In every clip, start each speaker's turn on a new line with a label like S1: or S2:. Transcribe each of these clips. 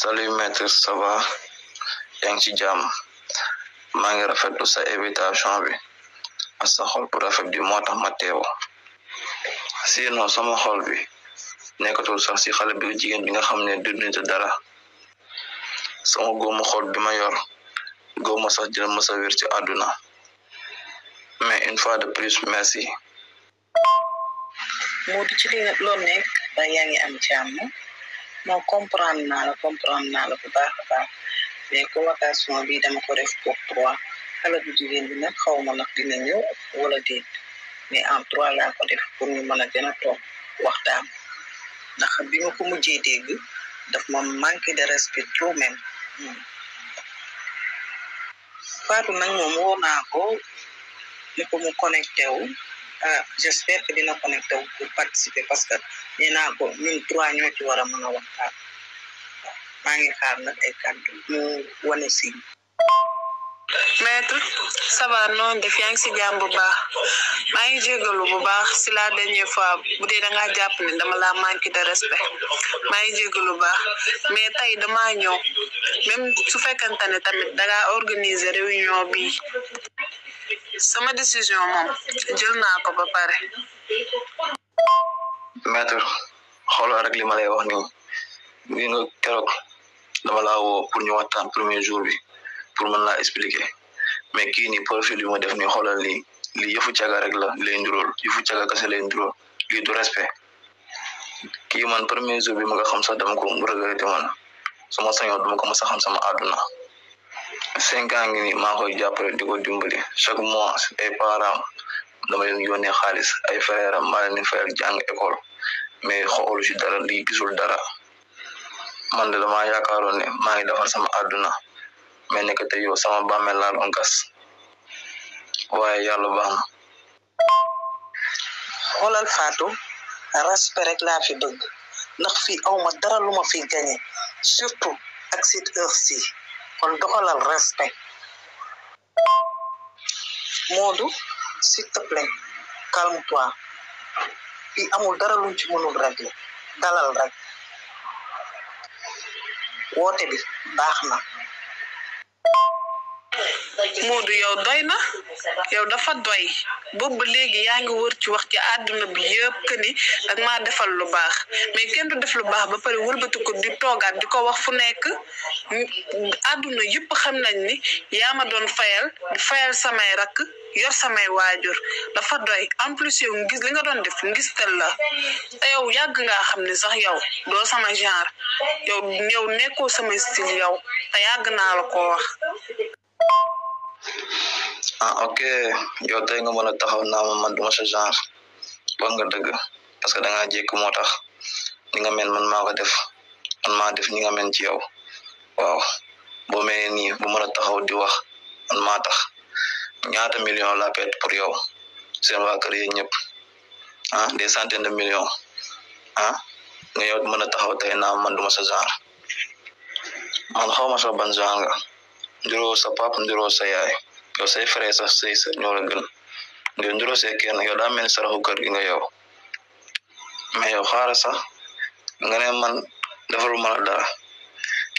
S1: salut maître ça va yaa ngi ci jàmm maa ngi rafetlu sa invitation bi ak sa xol bu rafet bi moo tax ma teew sinon sama xol bi nekkatul sax si xale bi jigéen bi nga xam ne dundite dara sama góomu xol bi ma yor góoma sax dina mës wér ci àdduna mais une fois de plus merci.
S2: Modou ci li loolu nekk ba yaa ngi am jàmm. non comprendre naa la comprendre naa la bu baax a baax mais convocation bi dama ko def pour trois xale bu jigéen bi nag xaw ma nag dina ñëw wala déet mais en trois laa ko def pour ñu mën a gën a toog waxtaan ndax bi ma ko mujjee dégg daf ma manqué de respect trop même hmm. Fatou nag moom woo naa ko ni ko mu connecté Uh, J'espère que dina connecté pour participer parce que nee naa ko ñun trois ñoo ci war a mën
S3: a waxtaan maa ngi
S2: mu wane si
S3: maître ça va non def yaa ngi si jàmm bu baax maa ngi bu baax si la dernière fois bu da ngaa jàpp ne dama de respect maa ngi jégalu bu baax mais tey damaa ñëw même su fekkante tamit da organiser réunion bi sama décision moom jël naa ko ba pare.
S1: maître xoolal rek li ma lay wax nii ngi keroog dama laa pour ñu waxtaan premier jour bi pour mën laa expliquer mais kii nii profil bi ma def nii xoolal lii lii yëfu caga rek la lay nduróol yëfu caga kese lay nduróol lii du respect kii man premier jour bi ma nga xam sax dama ko regretté man sama sañoon dama ko mës a xam sama àdduna cinq ans ngi nii maa koy jàppale di ko dimbali chaque mois ay parents dama leen yónnee xaalis ay frères am maa leen fayal jàng école mais xoolu ci dara lii gisul dara man de damaa yaakaaroon ne maa ngi defar sama àdduna mais nekk te yow sama bàmmeel laa doon gas waaye yàlla baax na.
S2: xoolal Fatou respect rek laa fi bëgg ndax fii awma dara lu ma fi gagné surtout ak cette ci kon doxalal respect Modou s'il te calme-toi fii amul dara luñ ci mënul régler dalal rek
S3: woote bi baax na Modou yow doy na yow dafa doy boobu ba léegi yaa ngi wër ci wax ci àdduna bi yëpp que ni dag maa defal lu baax mais kenn du def lu baax ba pare wëlbati ko di toogaat di ko wax fu nekk àdduna yëpp xam nañ ni yaa ma doon fayal fayal samay rakk yor samay waajur dafa doy en plus yow ngis li nga doon def ngis tel la te yow yàgg nga xam ne sax yow doo sama genre yow yow nekkoo sama style yow te yàgg naa la ko wax
S1: Ah, oke tay nga mëna taxaw na man duma sa genre ba nga deug parce que da nga motax ni men man mako def man ma def ni nga men ci yow waaw bo mene ni bu mëna taxaw di wax man ma tax ñaata million la pet pour yow sen wa kër yeen ñep ah des centaines de millions ah nga yow mëna taxaw tay na man duma sa genre man xawma sa ban genre ndiro sa pap ndiro sa yaay yo sai fere sax sey sa ñoo la gën nga nduro sé yo da mel saraxu kër gi nga yow me yow xara sax nga ne man defalu ma dara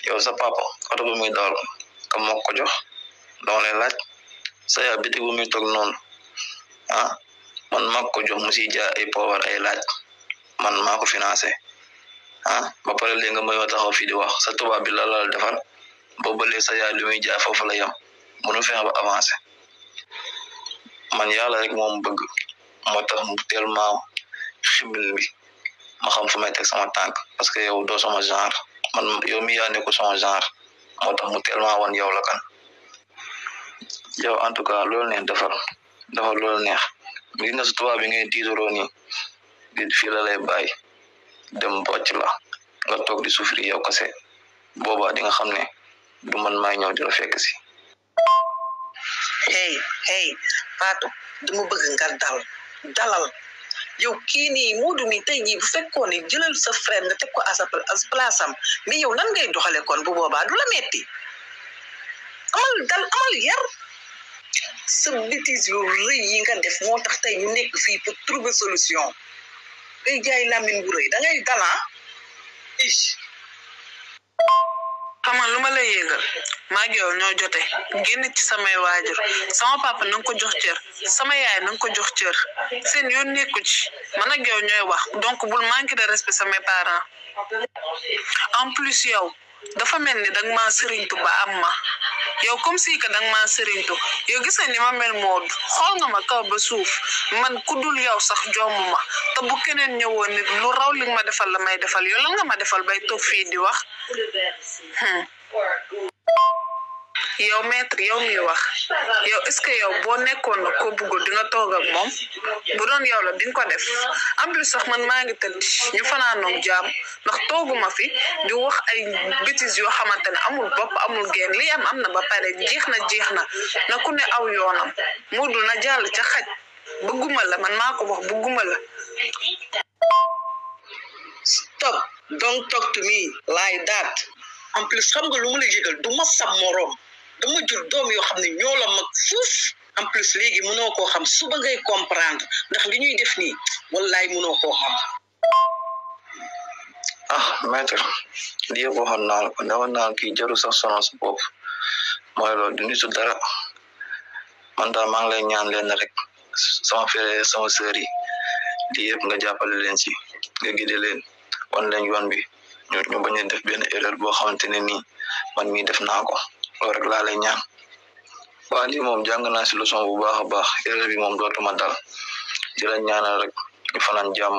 S1: yow sa papa auto bu muy dal ko moko jox do lay laaj sa ya biti bu muy tok non ah man mako jox mu siy ay power ay laaj man mako financer ha ba ah, pare le nga may wa taxaw fi di wax sa tuba bi la la defal bo bele sa ya muy la yam mënul fexe ba avancé man yàlla rek moom bëgg moo tax mu tellement xibil bi ma xam fu may teg sama tànk parce que yow doo sama genre man yow mi yaa nekku sama genre moo tax mu tellement wan yow la kan en tout cas loolu neex defar defar loolu neex mi na su tubaab bi ngay diisoroo nii di fii la lay bàyyi dem bocc nga toog di souffrir yow kase boobaa di nga xam ne du man maay ñëw di la si
S2: hey hey Fatou dama bëgg nga dal dalal yow kii nii muudu mi tey jii bu fekkoon ni jëlal sa frère nga teg ko à place am mais yow nan ngay doxale kon bu boobaa du la metti amal dal amal yar sa kan bêtise yu rëy yi nga def moo tax tey ñu nekk fii pour trouver solution ngay jaay lamine bu rëy da ngay dal ah
S3: xamal lu ma lay yëgal maa ngi ñoo jote génn ci samay waajur sama papa na nga ko jox cër sama yaay na nga ko jox cër seen yoon nekku ci man ak yow ñooy wax donc bul manqué de respect samay parent en plus yow dafa mel ni danga ma sëriñ Tuubaa am ma yow comme si que ma maa sëriñtu yow gis nga ni ma mel moodu xool nga ma kaw ba suuf man ku dul yow sax joomu ma te bu keneen ñëwoon nit lu raw li nga ma defal la may defal yow lan nga ma defal bay toog fii di wax hmm. yow maître yow muy wax yow est-ce que yow boo nekkoon na ko bëggoon di nga toog ak moom bu doon yow la di ko def en sax man maa ngi tëdd ñu fanaanoog jaam ndax tooguma fi di wax ay bitis yoo xamante ne amul bopp amul geen li am am na ba pare jeex na jeex na na ku ne aw yoonam moo dul na jàll ca xaj bëgguma la man maa ko wax bëgguma la
S2: stop don't talk to me like that lu la jégal du ma sa morom dama jur doom yoo xam ne ñoo mag fuuf en plus léegi mënoo koo xam suba ngay comprendre ndax li
S1: ñuy def nii wallaay mënoo koo xam. ah maître lii yëpp waxoon naa la ko dama naan kii jaru sax sonal sa bopp mooy loolu du nitu dara man daal maa ngi lay ñaan leen rek sama frère sama sœur yi lii yëpp nga jàppale leen si nga gide leen wan leen yoon bi ñu ñu bañ a def benn erreur boo xamante ne nii man mii def naa ko. loolu rek laa lay ñaan waa lii moom jàng naa si leçon bu baax a baax élève bi moom dootuma dal di la ñaanal rek ñu fanaan jàmm